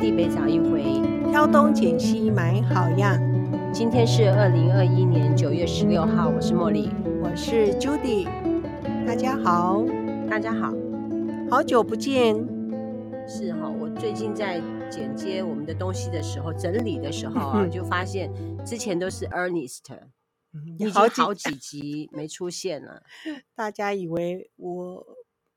地北找一回，挑東撿西買幾樣。今天是二零二一年九月十六號，我是茉莉，我是 Judy。大家好，大家好，好久不見。是哈、哦，我最近在剪接我們的東西的時候，整理的時候啊，就發現之前都是 Ernest，已 幾好幾集 沒出現了。 大家以為我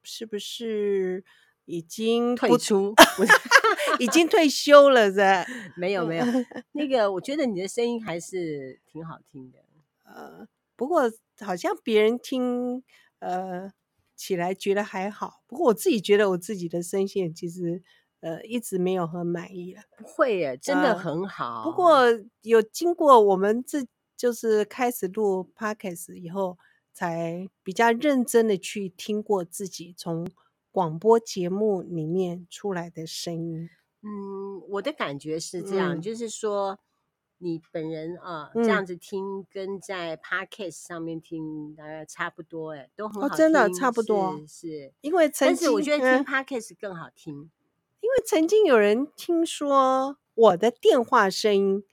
是不是？已經退出，退 已經退休了噻。 沒有沒有， 那個我覺得你的聲音還是挺好聽的。呃，不過好像別人聽，呃，起來覺得還好。不過我自己覺得我自己的聲線其實，呃，一直沒有很滿意了。不會耶，真的很好。呃，不過有經過我們自就是開始錄 Podcast 以後，才比較認真的去聽過自己從。廣播節目裡面出來的聲音，嗯，我的感覺是這樣，嗯、就是說你本人啊、呃嗯，這樣子聽跟在 podcast 上面聽大概、呃、差不多，哎，都很好聽、哦、真的差不多，是，是因為曾經，但是我覺得聽 podcast 更好聽、呃，因為曾經有人聽說我的電話聲音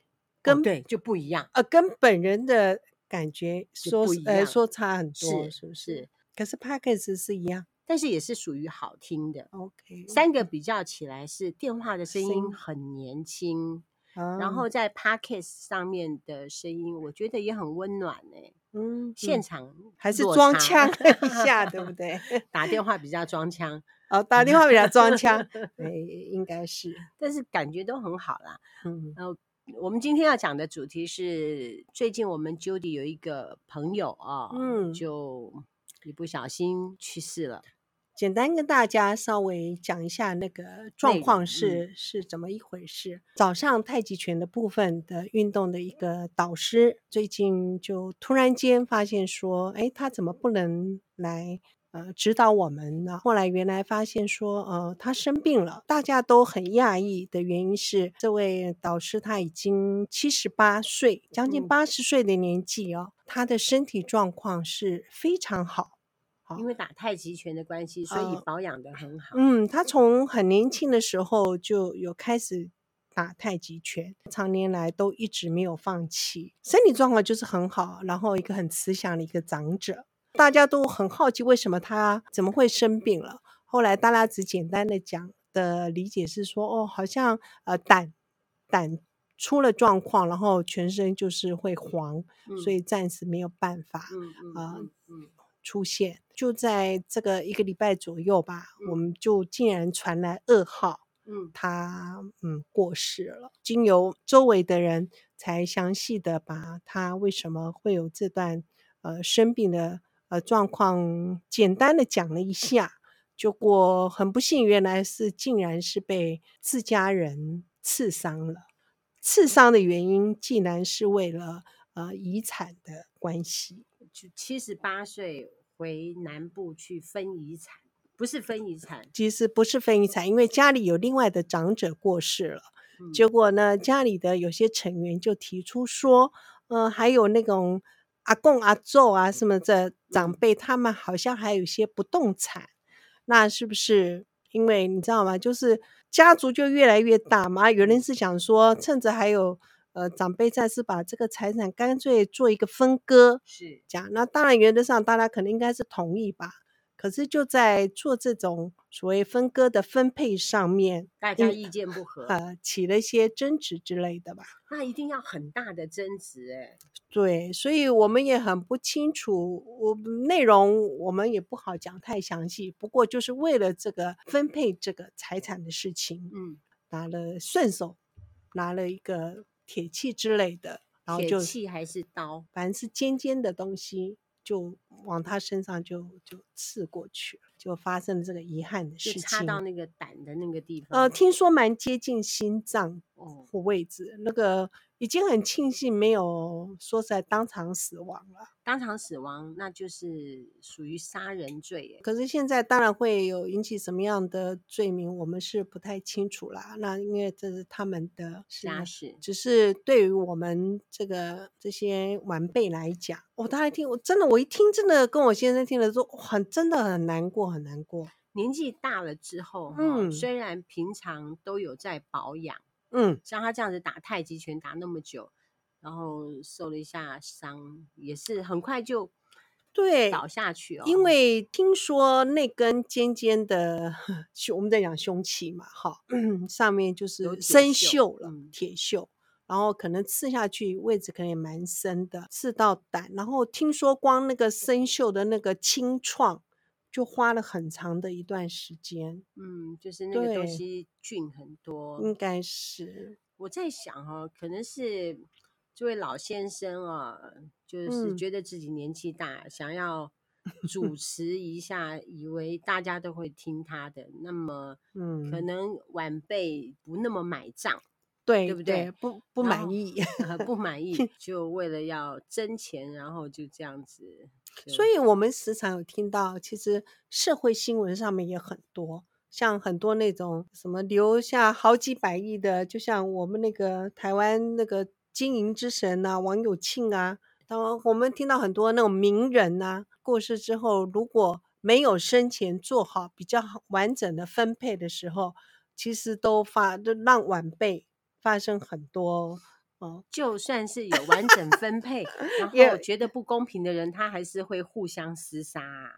跟、哦、對就不一樣，呃，跟本人的感覺說呃說差很多，是，是，是不是，是？可是 podcast 是一樣。但是也是屬於好聽的，OK。三個比較起來，是電話的聲音很年輕、啊，然後在 Podcast 上面的聲音，我覺得也很溫暖呢、欸嗯。現場還是裝腔一下， 對不對？打電話比較裝腔，哦、oh,，打電話比較裝腔，對， 應該是。但是感覺都很好啦。嗯，呃、我們今天要講的主題是，最近我們 Judy 有一個朋友啊、喔，嗯，就一不小心去世了。簡單跟大家稍微講一下那個狀況是、嗯、是怎麼一回事。早上太極拳的部分的運動的一個導師，最近就突然間發現說，哎，他怎麼不能來呃指導我們呢？後來原來發現說，呃，他生病了。大家都很訝異的原因是，這位導師他已經七十八歲，將近八十歲的年紀哦、嗯，他的身體狀況是非常好。因為打太極拳的關係，所以保養的很好，呃。嗯，他從很年輕的時候就有開始打太極拳，長年來都一直沒有放棄，身體狀況就是很好。然後一個很慈祥的一個長者，大家都很好奇為什麼他怎麼會生病了。後來大家只簡單的講的理解是說，哦，好像呃膽膽出了狀況，然後全身就是會黃，所以暫時沒有辦法啊。嗯呃嗯嗯嗯出現就在這個一個禮拜左右吧，嗯，我們就竟然傳來噩耗，嗯，他嗯過世了。經由周圍的人才詳細的把他為什麼會有這段呃生病的呃狀況，簡單的講了一下，結果很不幸，原來是竟然是被自家人刺傷了。刺傷的原因竟然是為了。呃，遺產的關係，就七十八歲回南部去分遺產，不是分遺產，其實不是分遺產，因為家裡有另外的長者過世了、嗯，結果呢，家裡的有些成員就提出說，呃，還有那種阿公阿祖啊什麼的長輩、嗯，他們好像還有一些不動產，那是不是因為你知道嗎？就是家族就越來越大嘛，有人是想說趁着還有。呃，長輩在是把這個財產乾脆做一個分割，是講，那當然原則上大家可能應該是同意吧。可是就在做這種所謂分割的分配上面，大家意見不合，嗯、呃，起了一些爭執之類的吧。那一定要很大的爭執、欸、對，所以我們也很不清楚，我內容我們也不好講太詳細。不過就是為了這個分配這個財產的事情，嗯，拿了順手拿了一個。鐵器之類的，然後就還是刀，反正是尖尖的東西，就往他身上就就刺過去了。就發生了這個遺憾的事情，就插到那個膽的那個地方。呃，聽說蠻接近心臟哦位置，嗯，那個已經很慶幸沒有說在當場死亡了。當場死亡，那就是屬於殺人罪。可是現在當然會有引起什麼樣的罪名，我們是不太清楚啦。那因為這是他們的事家事，只是對於我們這個這些晚輩來講，我當然聽，我真的我一聽，真的跟我先生聽了之後，很真的很難過。很難過。年紀大了之後，嗯、哦，雖然平常都有在保養，嗯，像他這樣子打太極拳打那麼久，然後受了一下傷，也是很快就對倒下去哦對。因為聽說那根尖尖的，我們在講凶器嘛，哈、哦，上面就是生鏽了，鐵鏽、嗯，然後可能刺下去位置可能也蠻深的，刺到膽。然後聽說光那個生鏽的那個清創。就花了很長的一段時間，嗯，就是那個東西俊很多，應該是。嗯、我在想哈、哦，可能是這位老先生啊、哦，就是覺得自己年紀大，嗯、想要主持一下， 以為大家都會聽他的，那麼，嗯，可能晚輩不那麼買賬、嗯，對，對不對？對不不滿意，不滿意，呃、滿意 就為了要掙錢，然後就這樣子。所以我們時常有聽到，其實社會新聞上面也很多，像很多那種什麼留下好幾百億的，就像我們那個台灣那個經營之神啊，王永慶啊，然後我們聽到很多那種名人啊，過世之後如果沒有生前做好比較完整的分配的時候，其實都發都讓晚輩發生很多。Oh, 就算是有完整分配， 然後我覺得不公平的人，yeah. 他還是會互相廝殺、啊。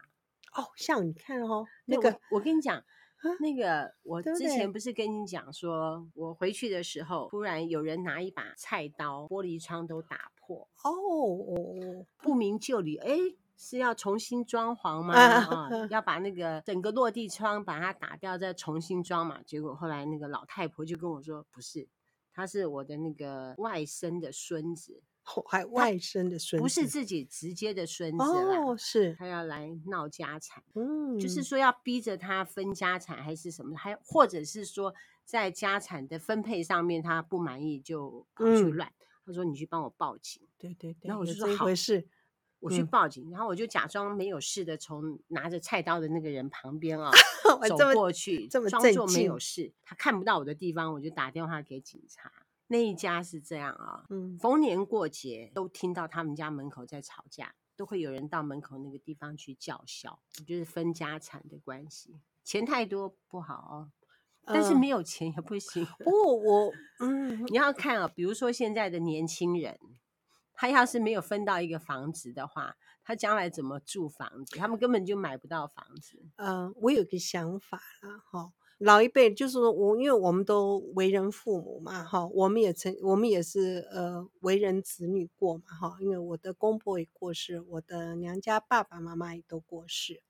哦、oh，像你看哦，那個我，我跟你講，huh? 那個我之前不是跟你講說對對，我回去的時候，突然有人拿一把菜刀，玻璃窗都打破。哦、oh. 不明就裡，哎、欸，是要重新裝潢嗎、uh -huh. 嗯？要把那個整個落地窗把它打掉，再重新裝嘛？結果後來那個老太婆就跟我說，不是。他是我的那個外甥的孫子，還、哦、外甥的孫子，不是自己直接的孫子。哦，是他要來鬧家產，嗯，就是說要逼着他分家產，還是什麼？還或者是說在家產的分配上面他不滿意就去亂？嗯、他說：“你去幫我報警。”對對對，那我就說：“好。”我去報警、嗯，然後我就假裝沒有事的從拿着菜刀的那個人旁邊、哦、啊走過去，這麼裝作沒有事，他看不到我的地方，我就打電話給警察。那一家是這樣啊、哦，嗯，逢年過節都聽到他們家門口在吵架，都會有人到門口那個地方去叫囂，就是分家產的關係，錢太多不好哦，嗯、但是沒有錢也不行。不過、嗯哦、我，嗯，你要看啊、哦，比如說現在的年輕人。他要是沒有分到一個房子的話，他將來怎麼住房子？他們根本就買不到房子。嗯、呃，我有個想法了哈、哦，老一輩就是說我，我因為我們都為人父母嘛哈、哦，我們也曾我們也是呃為人子女過嘛哈、哦，因為我的公婆也過世，我的娘家爸爸媽媽也都過世。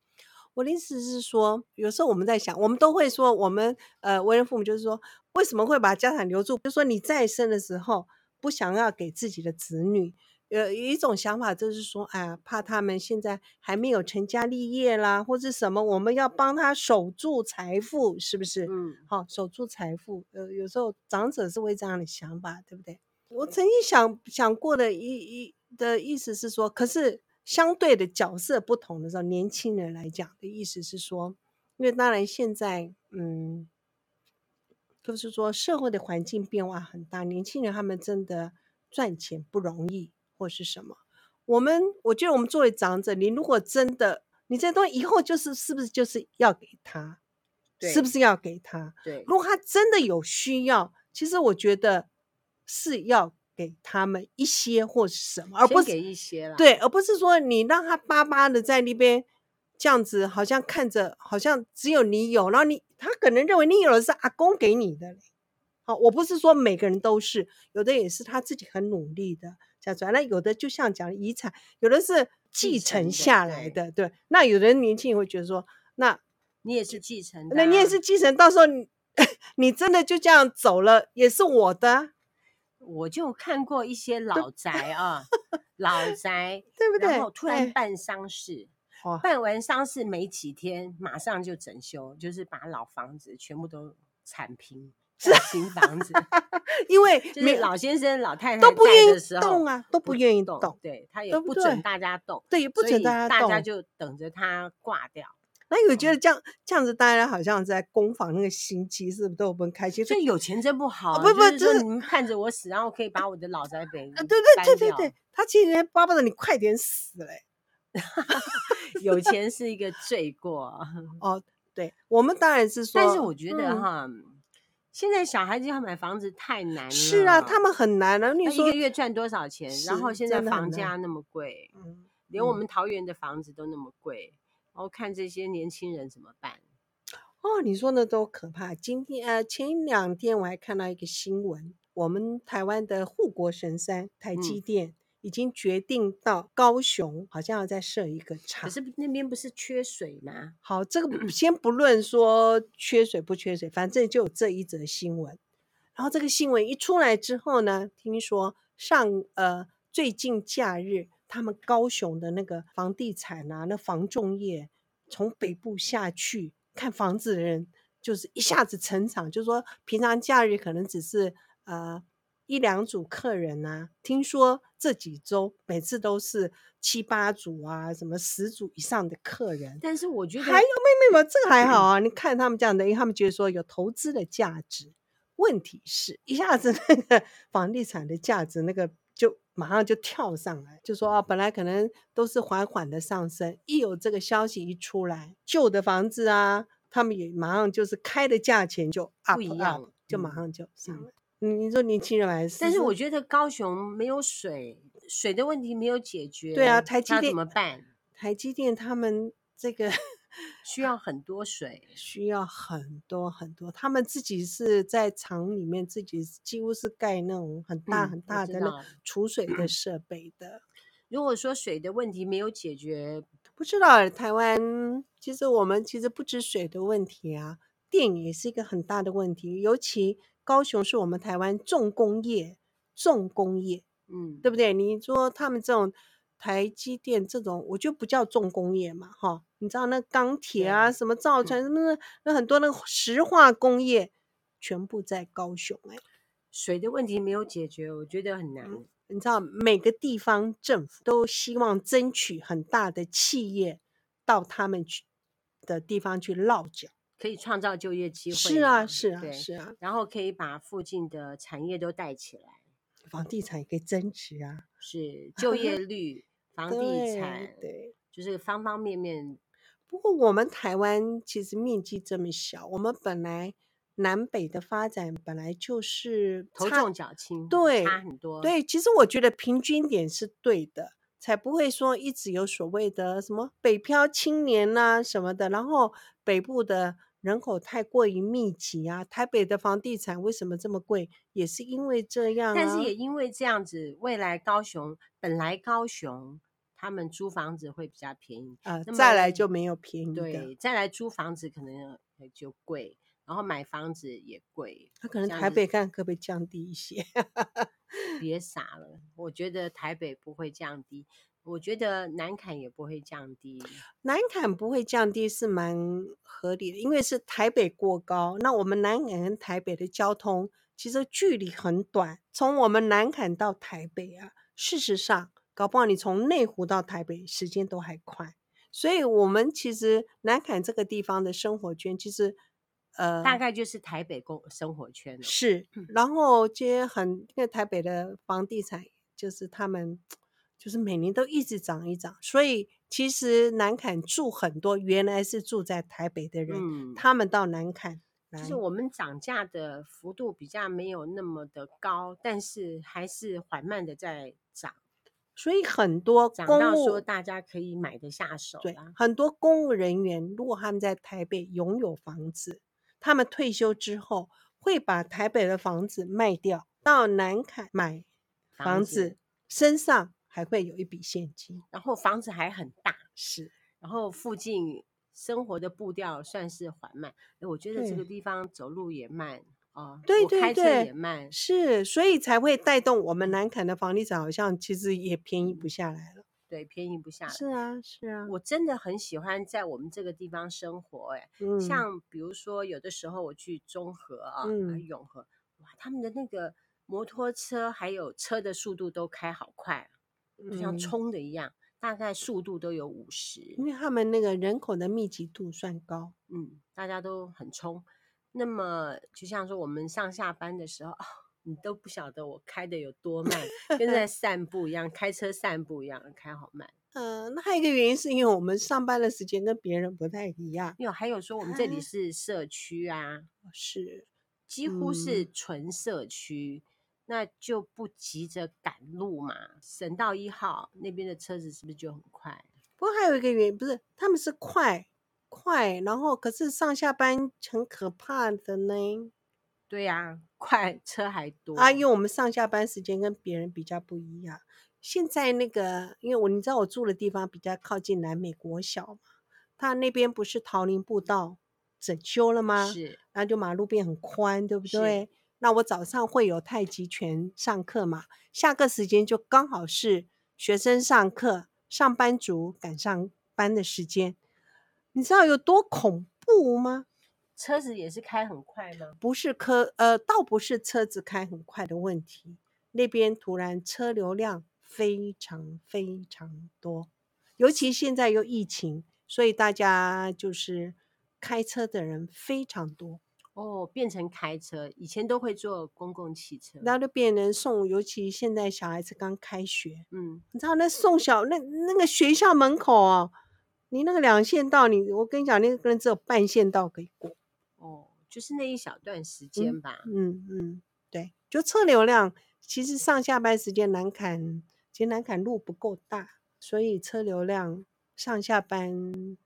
我的意思是說，有時候我們在想，我們都會說，我們呃為人父母就是說，為什麼會把家產留住？就是說你在生的時候。不想要給自己的子女，呃，有一種想法就是說，哎、啊，怕他們現在還沒有成家立業啦，或者什麼，我們要幫他守住財富，是不是？嗯，好、哦，守住財富。呃，有時候長者是會這樣的想法，對不對？我曾經想想過的一一的意思是說，可是相對的角色不同的時候，年輕人來講的意思是說，因為當然現在，嗯。就是說，社會的環境變化很大，年輕人他們真的賺錢不容易，或是什麼？我們我覺得，我們作為長者，你如果真的，你這東西以後就是是不是就是要給他？對，是不是要給他？對，如果他真的有需要，其實我覺得是要給他們一些或是什麼，而不是給一些了。對，而不是說你讓他巴巴的在那邊這樣子，好像看着好像只有你有，然後你。他可能認為你有的是阿公給你的，好、啊，我不是說每個人都是，有的也是他自己很努力的，這樣子，那有的就像講遺產，有的是繼承下來的，的對，對，那有的年輕人會覺得說，那你也是繼承的、啊，那你也是繼承，到時候你，你真的就這樣走了，也是我的、啊，我就看過一些老宅啊，老宅， 對不對？然後突然辦喪事。哦、辦完喪事沒幾天，馬上就整修，就是把老房子全部都鏟平，是、啊、新房子。 因為、就是、老先生、老太太都不願意動啊，都不願意動。對他也不准大家動，對，不對，所以對也不准大家動，大家就等着他掛掉。那我覺得這樣、嗯、這樣子，大家好像在公房那個星期是不是都很開心？所以有錢真不好、啊哦，不不，就是、就是、你們盼着我死，然後可以把我的老宅給你。對、啊、對對對對，他其實巴不得你快點死嘞、欸。 有錢是一個罪過哦。對，我們當然是說，但是我覺得哈、嗯，現在小孩子要買房子太難了。是啊，他們很難了。你說一個月賺多少錢？然後現在房價那麼貴、嗯，連我們桃園的房子都那麼貴，然、嗯、後、哦、看這些年輕人怎麼辦？哦，你說那多可怕。今天呃，前兩天我還看到一個新聞，我們台灣的護國神山台積電。嗯已經決定到高雄，好像要再設一個廠。可是那邊不是缺水嗎？好，這個先不論說缺水不缺水，反正就有這一則新聞。然後這個新聞一出來之後呢，聽說上呃最近假日，他們高雄的那個房地產啊，那房仲業從北部下去看房子的人，就是一下子成長，就是說平常假日可能只是呃。一兩組客人啊，聽說這幾周每次都是七八組啊，什麼十組以上的客人。但是我覺得還有沒沒有這個還好啊、嗯？你看他們這樣的，因為他們覺得說有投資的價值。問題是，一下子那個房地產的價值那個就馬上就跳上來，就說啊，本來可能都是緩緩的上升，一有這個消息一出來，舊的房子啊，他們也馬上就是開的價錢就 up up, 不一樣了，就馬上就上來。嗯嗯你說年輕人還是？但是我覺得高雄沒有水，水的問題沒有解決。對啊，台積電怎麼辦？台積電他們這個需要很多水， 需要很多很多。他們自己是在廠裡面自己幾乎是蓋那種很大很大的那儲水的設備的。嗯啊、 如果說水的問題沒有解決，不知道、啊、台灣其實我們其實不止水的問題啊，電也是一個很大的問題，尤其。高雄是我們台灣重工業，重工業，嗯，對不對？你說他們這種台積電這種，我就不叫重工業嘛，哈。你知道那鋼鐵啊，什麼造船，什、嗯、麼那很多那個石化工業，全部在高雄、欸。哎，水的問題沒有解決，我覺得很難。嗯、你知道每個地方政府都希望爭取很大的企業到他們去的地方去落腳。可以創造就業機會，是啊，是啊對，是啊，然後可以把附近的產業都帶起來，房地產也可以增值啊，是就業率、嗯，房地產，對，就是方方面面。不過我們台灣其實面積這麼小，我們本來南北的發展本來就是頭重腳輕，對，差很多。對，其實我覺得平均點是對的，才不會說一直有所謂的什麼北漂青年吶、啊、什麼的，然後北部的。人口太過於密集啊！台北的房地產為什麼這麼貴？也是因為這樣、啊。但是也因為這樣子，未來高雄，本來高雄他們租房子會比較便宜啊、呃。再來就沒有便宜的。對，再來租房子可能就貴，然後買房子也貴。他、啊、可能台北看可不可以降低一些？別 傻了，我覺得台北不會降低。我覺得南崁也不會降低，南崁不會降低是蠻合理的，因為是台北過高。那我們南崁跟台北的交通其實距離很短，從我們南崁到台北啊，事實上搞不好你從內湖到台北時間都還快。所以我們其實南崁這個地方的生活圈其實，呃，大概就是台北公生活圈。是，然後接很因為台北的房地產就是他們。就是每年都一直漲一漲，所以其實南崁住很多原來是住在台北的人，嗯、他們到南崁，就是我們漲價的幅度比較沒有那麼的高，但是還是緩慢的在漲，所以很多公，到說大家可以買得下手，對，很多公務人員如果他們在台北擁有房子，他們退休之後會把台北的房子賣掉，到南崁買房子，房房子身上，還會有一筆現金，然後房子還很大，是，然後附近生活的步調算是緩慢，哎、呃，我覺得這個地方走路也慢，啊、哦，對對對，開車也慢，是，所以才會帶動我們南崁的房地產，好像其實也便宜不下來了、嗯，對，便宜不下來，是啊，是啊，我真的很喜歡在我們這個地方生活、欸，哎、嗯，像比如說有的時候我去中和啊、嗯、永和，哇，他們的那個摩托車還有車的速度都開好快。就像衝的一樣、嗯，大概速度都有五十。因為他們那個人口的密集度算高，嗯，大家都很衝。那麼，就像說我們上下班的時候，哦、你都不曉得我開得有多慢， 跟在散步一樣，開車散步一樣開好慢。嗯、呃，那還有一個原因是因為我們上班的時間跟別人不太一樣。有還有說我們這裡是社區啊，是、啊、幾乎是純社區。嗯那就不急着趕路嘛，省道一號那邊的車子是不是就很快？不過還有一個原因，不是他們是快快，然後可是上下班很可怕的呢。對呀、啊，快車還多啊，因為我們上下班時間跟別人比較不一樣。現在那個，因為我你知道我住的地方比較靠近南美國小嘛，他那邊不是桃林步道整修了嗎？是，然後就馬路變很寬，對不對？那我早上會有太極拳上課嘛，下課時間就剛好是學生上課、上班族趕上班的時間，你知道有多恐怖嗎？車子也是開很快的，不是科，可呃，倒不是車子開很快的問題，那邊突然車流量非常非常多，尤其現在又疫情，所以大家就是開車的人非常多。哦，變成開車，以前都會坐公共汽車，然後就變成送，尤其現在小孩子剛開學，嗯，你知道那送小那那個學校門口哦，你那個兩線道，你我跟你講，那個人只有半線道可以過。哦，就是那一小段時間吧。嗯嗯,嗯，對，就車流量，其實上下班時間南崁，其實南崁路不夠大，所以車流量上下班，嗯、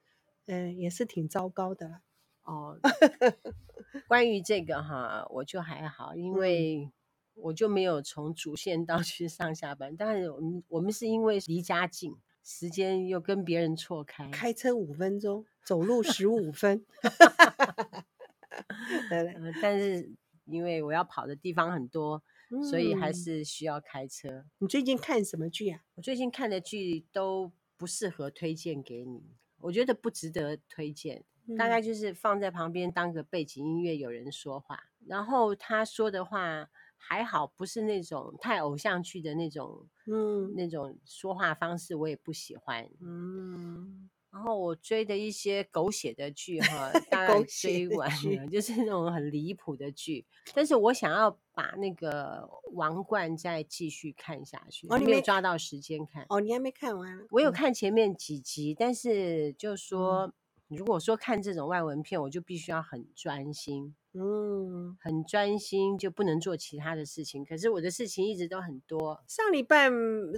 呃，也是挺糟糕的。哦。 關於這個哈，我就還好，因為我就沒有從主線到去上下班，但是我們是因為離家近，時間又跟別人錯開，開車五分鐘，走路十五分。對， 呃，但是因為我要跑的地方很多，嗯，所以還是需要開車。你最近看什麼劇啊？我最近看的劇都不適合推薦給你，我覺得不值得推薦。嗯、大概就是放在旁邊當個背景音樂，有人說話，然後他說的話還好，不是那種太偶像劇的那種，嗯，那種說話方式我也不喜歡。嗯，然後我追的一些狗血的劇哈，大概追完了，就是那種很離譜的劇。但是我想要把那個王冠再繼續看下去，沒有抓到時間看。哦，你還沒看完？我有看前面幾集，但是就說。嗯如果說看這種外文片，我就必須要很專心，嗯，很專心就不能做其他的事情。可是我的事情一直都很多。上禮拜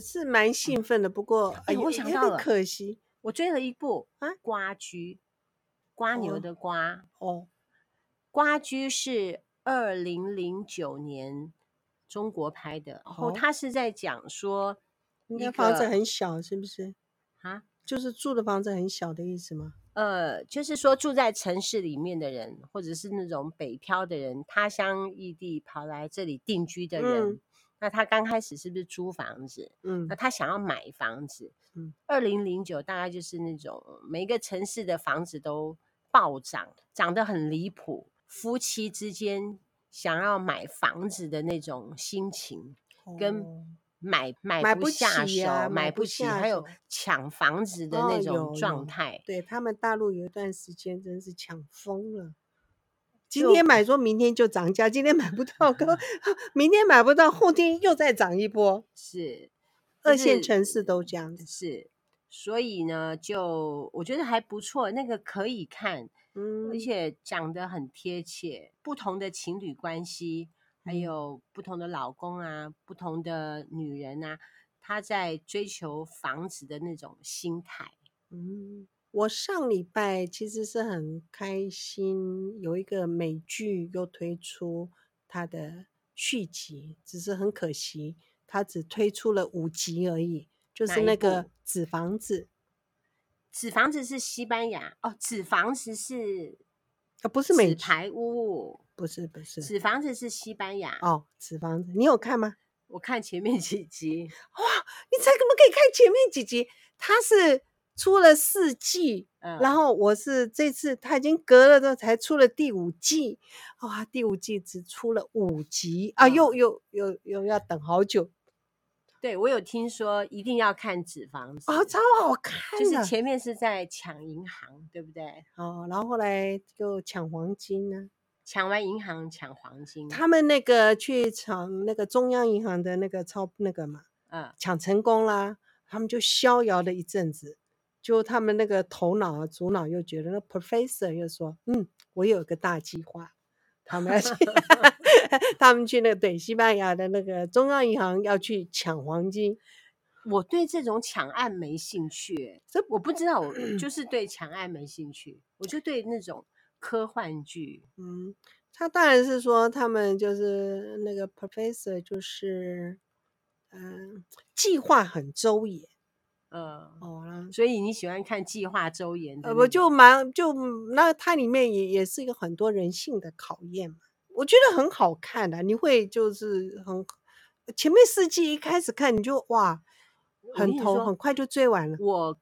是蠻興奮的，不過、嗯、哎呀，我想到。可惜，我追了一部啊，《蝸居》，蝸牛的蝸哦，哦《蝸居》是二零零九年中國拍的，哦、然後它是在講說，應該房子很小，是不是？啊？就是住的房子很小的意思嗎？呃，就是說住在城市裡面的人，或者是那種北漂的人，他鄉異地跑來這裡定居的人，嗯、那他剛開始是不是租房子？嗯，那他想要買房子。嗯，二零零九大概就是那種每一個城市的房子都暴漲，漲得很離譜，夫妻之間想要買房子的那種心情、嗯、跟。買買不買不起啊，買不起，不還有搶房子的那種狀態、哦。對他們大陸有一段時間真是搶瘋了，今天買說明天就漲價，今天買不到、嗯，明天買不到，後天又再漲一波。是，就是，二線城市都這樣子。是，所以呢，就我覺得還不錯，那個可以看，嗯，而且講得很貼切，不同的情侶關係。還有不同的老公啊，不同的女人啊，她在追求房子的那種心態。嗯，我上禮拜其實是很開心，有一個美劇又推出它的續集，只是很可惜，它只推出了五集而已。就是那個《紙房子》，《紙房子》是西班牙哦，《紙房子》是啊，不是美排屋。不是不是，紙房子是西班牙哦。紙房子你有看嗎？我看前面幾集，哇！你才怎麼可以看前面幾集？它是出了四季，嗯，然後我是這次它已經隔了都才出了第五季，哇！第五季只出了五集，哦，啊，又又又又要等好久。對，我有聽說一定要看紙房子，哦，超好看！就是前面是在搶銀行，對不對？哦，然後後來就搶黃金呢，啊。搶完銀行搶黃金，他們那個去搶那個中央銀行的那個鈔那個嘛，嗯，搶成功啦，他們就逍遙了一陣子。就他們那個頭腦啊，主腦又覺得那 professor 又說，嗯，我有個大計劃，他們要 他們去那個對西班牙的那個中央銀行要去搶黃金。我對這種搶案沒興趣欸，所以我不知道，我就是對搶案沒興趣，我就對那種。科幻劇，嗯，他當然是說他們就是那個 professor 就是，嗯，計劃很周延，嗯、呃，哦、啊，所以你喜歡看計劃周延、那個，呃，不，就蠻就那它裡面也也是一個很多人性的考驗嘛，我覺得很好看的、啊。你會就是很前面四季一開始看你就哇，很頭很快就追完了。我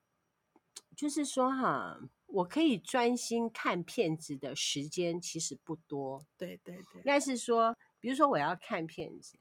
就是說哈。我可以專心看片子的時間其實不多，對對對，應該是說，比如說我要看片子，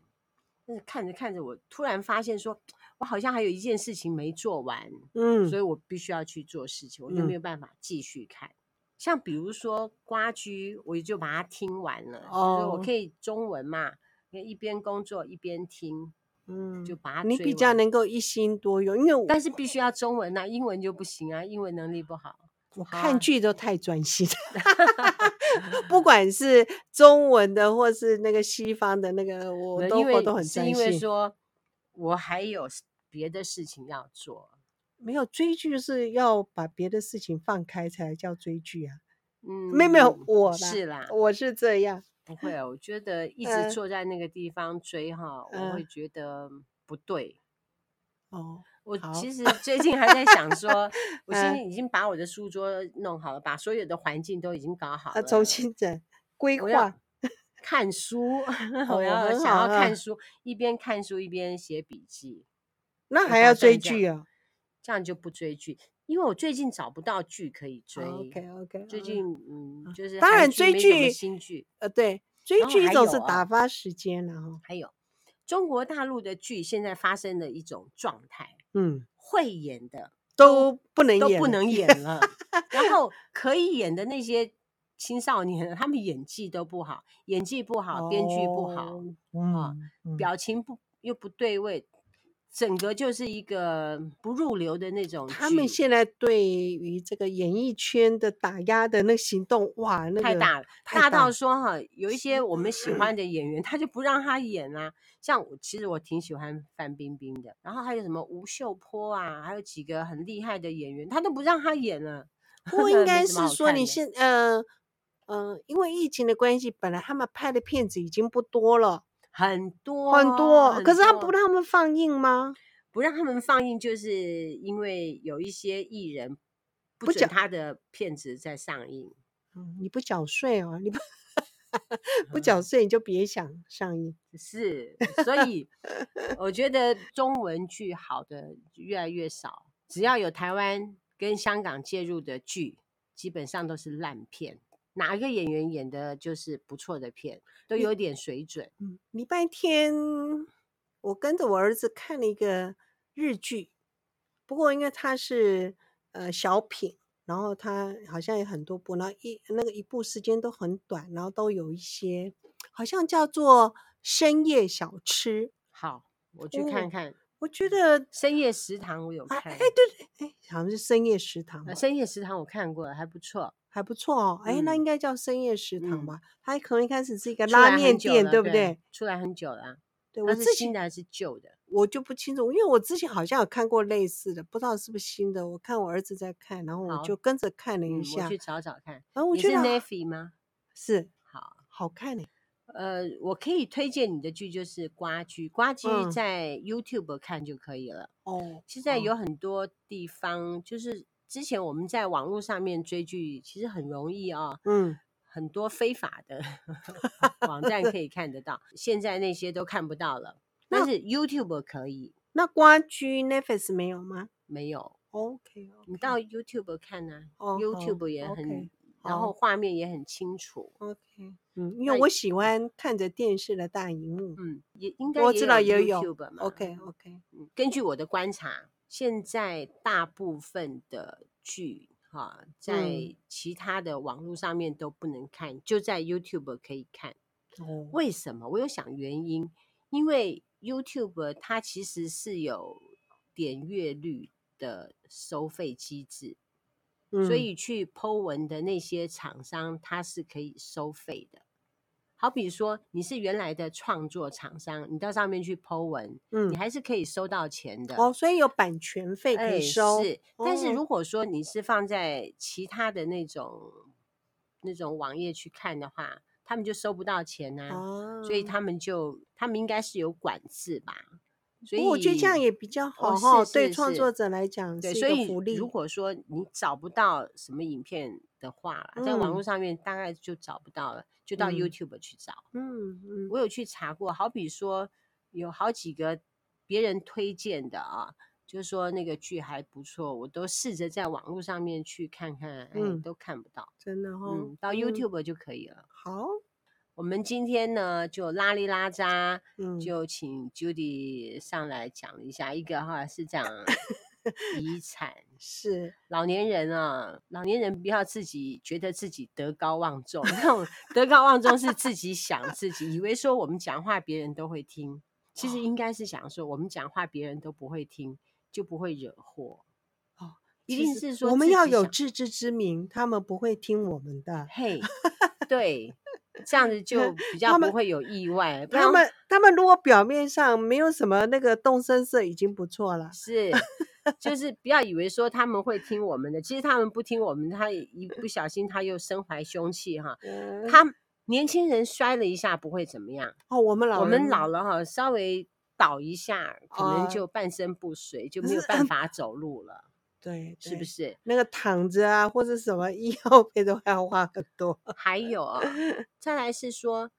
但是看着看着，我突然發現說，我好像還有一件事情沒做完，嗯，所以我必須要去做事情，我就沒有辦法繼續看、嗯。像比如說《瓜居》，我就把它聽完了，哦，所以我可以中文嘛，可以一邊工作一邊聽，嗯，就把它追完。你比較能夠一心多用，因為我但是必須要中文吶、啊，英文就不行啊，英文能力不好。我看劇都太專心了哈， 不管是中文的或是那個西方的那個，我都我都很專心。是因為說，我還有別的事情要做，沒有追劇，是要把別的事情放開才叫追劇啊。嗯，沒有，沒有我啦是啦，我是這樣，不、Okay, 會、嗯。我覺得一直坐在那個地方追哈、呃，我會覺得不對哦。嗯我其實最近還在想說，我現在已經把我的書桌弄好了，把所有的環境都已經搞好了，重新整規劃。看書，我要想要看書，一邊看書一邊寫筆記。那還要追劇啊？這樣就不追劇，因為我最近找不到劇可以追。OK OK，最近嗯，就是當然追劇，新劇呃對，追劇總是打發時間，然後還有，啊、還有中國大陸的劇現在發生的一種狀態。嗯，會演的都不能演，都不能演了。演了 然後可以演的那些青少年，他們演技都不好，演技不好，哦、編劇不好，嗯、啊、嗯，表情不又不對位。整個就是一個不入流的那種。他們現在對於這個演藝圈的打壓的那個行動，哇，那個太大，太大了，大到說哈、啊，有一些我們喜歡的演員，嗯、他就不讓他演啦、啊。像我其實我挺喜歡范冰冰的，然後還有什麼吳秀波啊，還有幾個很厲害的演員，他都不讓他演了、啊。不應該是說你現在、嗯、呃呃，因為疫情的關係，本來他們拍的片子已經不多了。很多，多很多，可是他不讓他們放映嗎？不讓他們放映，就是因為有一些藝人不准他的片子在上映。嗯，你不繳稅哦，你不 不繳稅你就別想上映。嗯。是，所以我覺得中文劇好的越來越少， 只要有台灣跟香港介入的劇，基本上都是爛片。哪一個演員演的就是不錯的片，都有點水準。嗯嗯、禮拜天我跟着我兒子看了一個日劇，不過因為它是呃小品，然後它好像有很多部，然後一那個一部時間都很短，然後都有一些好像叫做深夜小吃。好，我去看看。哦、我覺得深夜食堂我有看，哎、啊、對、欸、對，哎、欸、好像是深夜食堂、喔啊。深夜食堂我看過了，還不錯。還不錯哦，哎、欸嗯，那應該叫深夜食堂吧，嗯？它可能一開始是一個拉麵店，對不對，對？出來很久了，對，它是新的還是舊的我，我就不清楚，因為我之前好像有看過類似的，不知道是不是新的。我看我兒子在看，然後我就跟着看了一下，嗯、去找找看。啊，是 Neffy 嗎？是，好好看呢，欸。呃，我可以推薦你的劇就是瓜居《瓜劇瓜劇在 YouTube 看就可以了。哦，嗯，現、嗯，在有很多地方、嗯，就是。之前我們在網絡上面追劇，其實很容易啊、哦，嗯，很多非法的 網站可以看得到， 現在那些都看不到了。那但是 YouTube 可以，那關居 Netflix 沒有嗎？沒有 okay,，OK 你到 YouTube 看呢、啊 oh,，YouTube 也很，okay, 然後畫面也很清楚，OK。嗯，因為我喜歡看着電視的大熒幕，嗯，也應該也我知道也有,有，OK OK。根據我的觀察。現在大部分的劇，哈，在其他的網絡上面都不能看，就在 YouTube 可以看。哦、嗯，為什麼？我有想原因，因為 YouTube 它其實是有點閱率的收費機制、嗯，所以去 Po 文的那些廠商，它是可以收費的。好比說你是原來的創作廠商，你到上面去 po 文，嗯，你還是可以收到錢的哦，所以有版權費可以收、哎哦。但是如果說你是放在其他的那種那種網頁去看的話，他們就收不到錢呢、啊。哦，所以他們就他們應該是有管制吧。所以、哦、我覺得這樣也比較好哈、哦，對創作者來講是對，所以，如果說你找不到什麼影片的話了，在網絡上面大概就找不到了，嗯、就到 YouTube 去找。嗯嗯，嗯，我有去查過，好比說有好幾個別人推薦的啊，就是說那個劇還不錯，我都試着在網絡上面去看看、嗯，哎，都看不到，真的哦。嗯、到 YouTube 就可以了、嗯。好，我們今天呢就拉哩拉雜，就請 Judy 上來講一下、嗯、一個哈，是這樣。遺產是老年人啊，老年人不要自己覺得自己德高望重，那種德高望重是自己想自己， 以為說我們講話別人都會聽，其實應該是想說我們講話別人都不會聽，哦、就不會惹禍、哦、一定是說我們要有自知之明，他們不會聽我們的。嘿，hey，對， 這樣子就比較不會有意外。他們，不然，他們，他們如果表面上沒有什麼那個動聲色，已經不錯了。是。就是不要以為說他們會聽我們的，其實他們不聽我們，他一不小心他又身懷凶器哈。嗯、他年輕人摔了一下不會怎麼樣哦，我們老我們老了哈，稍微倒一下可能就半身不遂，哦，就沒有辦法走路了，是是對。對，是不是？那個躺着啊，或者什麼醫藥費都還要花很多。還有啊，再來是說，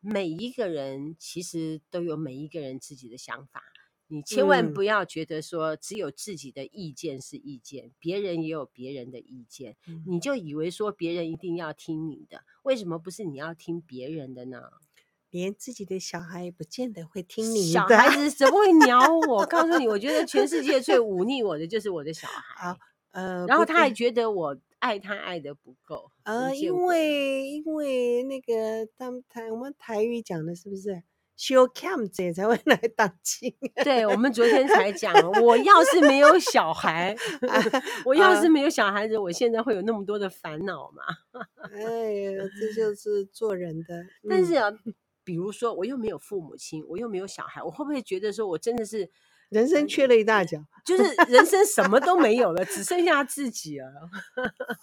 每一個人其實都有每一個人自己的想法。你千萬不要覺得說只有自己的意見是意見，嗯、別人也有別人的意見。嗯，你就以為說別人一定要聽你的、嗯，為什麼不是你要聽別人的呢？連自己的小孩也不見得會聽你的，小孩子只會鳥我。 告訴你，我覺得全世界最忤逆我的就是我的小孩。啊，呃，然後他還覺得我愛他愛得不夠。呃，因為因為那個他們台我們台語講的是不是？求看姐才會來當親。對，我們昨天才講， 我要是沒有小孩， 我要是沒有小孩子，啊，我現在會有那麼多的煩惱嗎？ 哎呀，這就是做人的。嗯，但是啊，比如說，我又沒有父母親，我又沒有小孩，我會不會覺得說我真的是？人生缺了一大角， 就是人生什麼都沒有了， 只剩下自己了。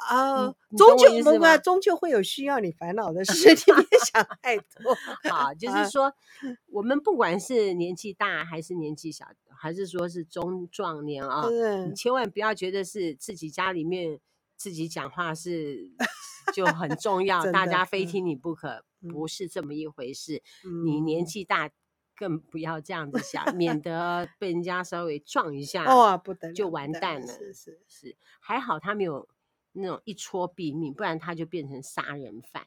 啊、 uh,，終究終究會有需要你煩惱的事情， 別想太多。啊， 就是說， 我們不管是年紀大還是年紀小，還是說是中壯年啊，哦、你千萬不要覺得是自己家裡面自己講話是就很重要， 大家非聽你不可、嗯，不是這麼一回事。嗯、你年紀大。更不要這樣子想，免得被人家稍微撞一下， 哦、啊，不得了，就完蛋了。是是是，是，還好他沒有那種一戳斃命，不然他就變成殺人犯。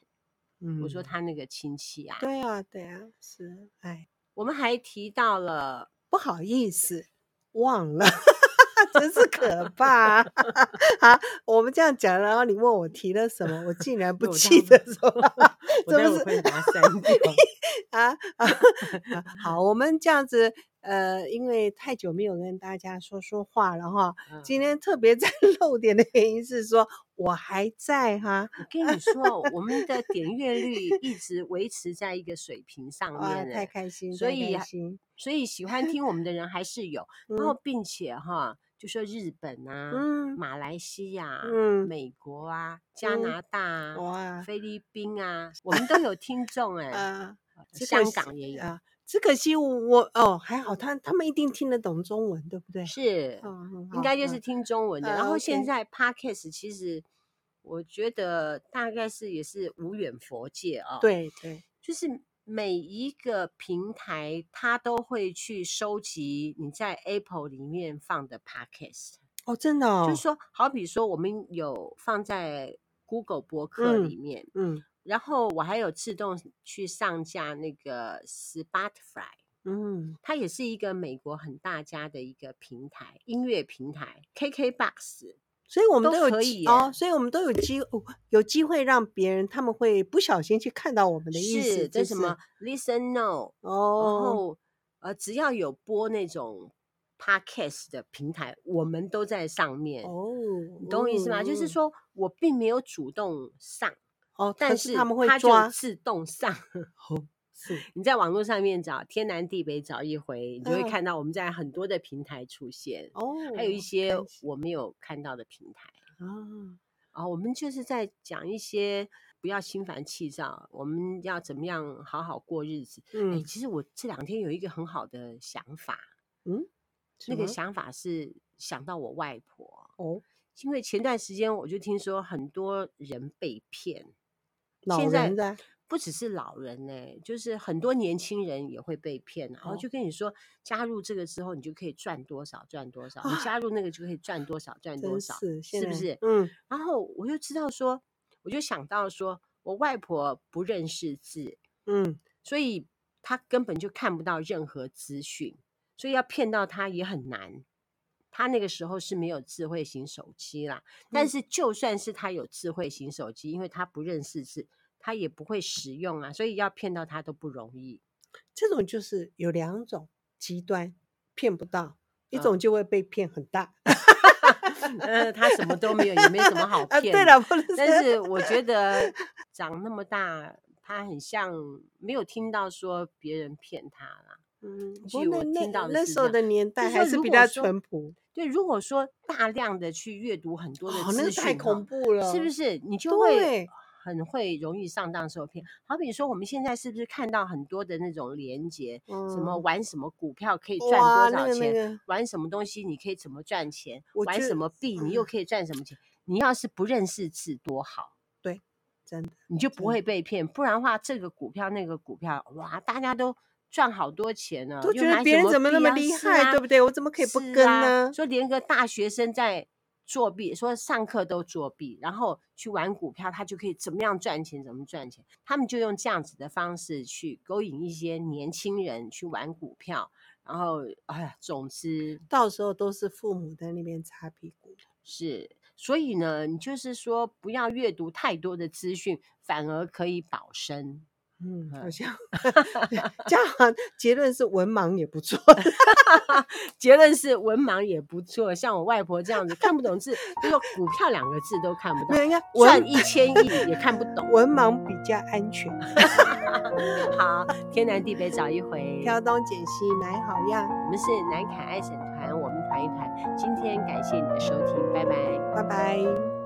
嗯，我說他那個親戚啊，對啊對啊，是，哎，我們還提到了，不好意思，忘了。 真是可怕，哈哈哈，我們這樣講，然後你問我提了什麼，我竟然不記得說怎麼，麼是我 啊，啊， 啊？好， 我們這樣子，呃，因為太久沒有跟大家說說話了哈、嗯。今天特別在露點的原因是說，我還在哈。我跟你說， 我們的點閱率一直維持在一個水平上面，太開心，所以，太開心所，以所以喜歡聽我們的人還是有，嗯、然後並且哈。就說日本啊，嗯、馬來西亞、嗯，美國啊，加拿大啊，啊、嗯、菲律賓啊，我們都有聽眾哎、欸 呃，香港也有只、呃可，呃、可惜我哦，還好他他們一定聽得懂中文，對不對？是，嗯嗯、應該就是聽中文的。嗯、然後現在 Podcast、嗯嗯、其實我覺得大概是也是無遠弗屆哦，對對，就是。每一個平台，它都會去收集你在 Apple 裡面放的 Podcast。哦，真的哦。就是說，好比說，我們有放在 Google 播客裡面，嗯，嗯，然後我還有自動去上架那個 Spotify，嗯，它也是一個美國很大家的一個平台，音樂平台 KK Box。所以我們都有機哦，所以我們都有機，有機會讓別人他們會不小心去看到我們的意思，是就是什麼 Listen no 哦，然後呃只要有播那種 podcast 的平台，我們都在上面哦，你懂我意思嗎？嗯，就是說我並沒有主動上哦，但是，是他們會抓自動上。哦你在網絡上面找天南地北找一回，嗯，你就會看到我們在很多的平台出現哦，還有一些我沒有看到的平台啊啊，嗯哦！我們就是在講一些不要心煩氣躁，我們要怎麼樣好好過日子。嗯，欸，其實我這兩天有一個很好的想法，嗯，那個想法是想到我外婆哦，因為前段時間我就聽說很多人被騙，老人在。現在不只是老人呢，欸，就是很多年輕人也會被騙、哦，然後就跟你說，加入這個之後，你就可以賺多少賺多少、哦；你加入那個就可以賺多少賺多少是，是不是？嗯。然後我就知道說，我就想到說，我外婆不認識字，嗯，所以她根本就看不到任何資訊，所以要騙到她也很難。她那個時候是沒有智慧型手機啦、嗯，但是就算是她有智慧型手機，因為她不認識字。他也不會使用啊，所以要騙到他都不容易。這種就是有兩種極端，騙不到、啊，一種就會被騙很大。嗯、 呃，他什麼都沒有，也沒什麼好騙的、啊。對的、啊。但是我覺得長那麼大，他很像沒有聽到說別人騙他啦。嗯，我聽到的是、哦、那，那，那時候的年代還是比較淳樸。對，如果說大量的去閱讀很多的資訊，哦、太恐怖了，是不是？你就會。對很會容易上當受騙，好比說我們現在是不是看到很多的那種連結，嗯，什麼玩什麼股票可以賺多少錢、那個，那個，玩什麼東西你可以怎麼賺錢，玩什麼幣你又可以賺什麼錢、嗯？你要是不認識字多好，對，真的你就不會被騙。不然的話，這個股票那個股票，哇，大家都賺好多錢呢、啊，都覺得別人怎麼那麼厲害，對不對？我怎麼可以不跟呢？說，連個大學生在。作弊，說上課都作弊，然後去玩股票，他就可以怎麼樣賺錢，怎麼賺錢？他們就用這樣子的方式去勾引一些年輕人去玩股票，然後哎呀，總之到時候都是父母在那邊擦屁股。是，所以呢，你就是說不要閱讀太多的資訊，反而可以保身。嗯，好像嘉恆結論是文盲也不錯， 結論是文盲也不錯。像我外婆這樣子看不懂字，就說股票兩個字都看不懂，賺一千億也看不懂。 文盲比較安全。嗯、 好，天南地北找一回，挑東揀西買幾樣。我們是南崁愛省團，我們團一團，今天感謝你的收聽，拜拜，拜拜。